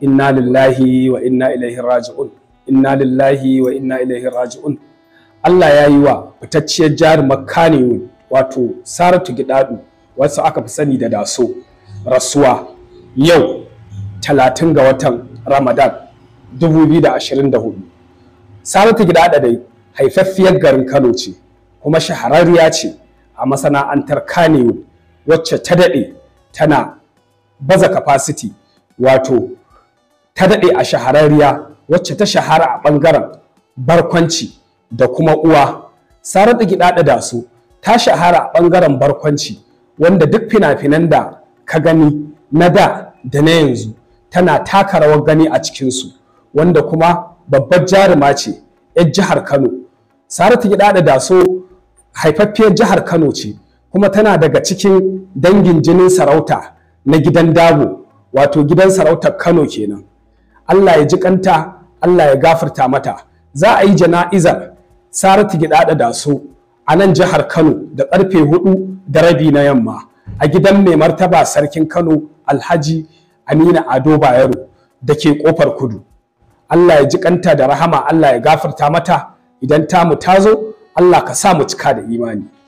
inna lillahi wa inna ilaihi raji'un inna lillahi wa inna ilaihi raji'un Allah ya yi wa fitacciyar jarumar makaniyu wato saratu gidadu wasu aka fi sani da daso rasuwa yau talatin ga watan ramadan 2024 saratu gidada dai haifaffiyar garin kano ce kuma shahararriya ce a masana'antar kanewu wacce ta daɗe tana baza capacity wato ta daɗe a shahararriya wacce ta shahara a ɓangaren barkwanci da kuma uwa saratu gidaɗa da su ta shahara a ɓangaren barkwanci wanda duk fina-finan da ka gani na da da na yanzu tana taka rawar gani a cikinsu wanda kuma babbar jaruma ce 'Yar jihar kano saratu gidaɗa da su haifaffiyar jihar kano ce kuma tana daga cikin dangin jinin sarauta na gidan dabo wato gidan sarautar kano kenan Allah ya ji kanta Allah ya gafarta mata za a yi jana'izar Saratu Gidada da Daso a nan jihar Kano da karfe hudu da rabi na yamma a gidan mai martaba sarkin Kano Alhaji Amina Ado Bayero da ke kofar kudu Allah ya ji kanta da rahama Allah ya gafarta mata idan ta mu tazo, Allah ka sa mu cika da imani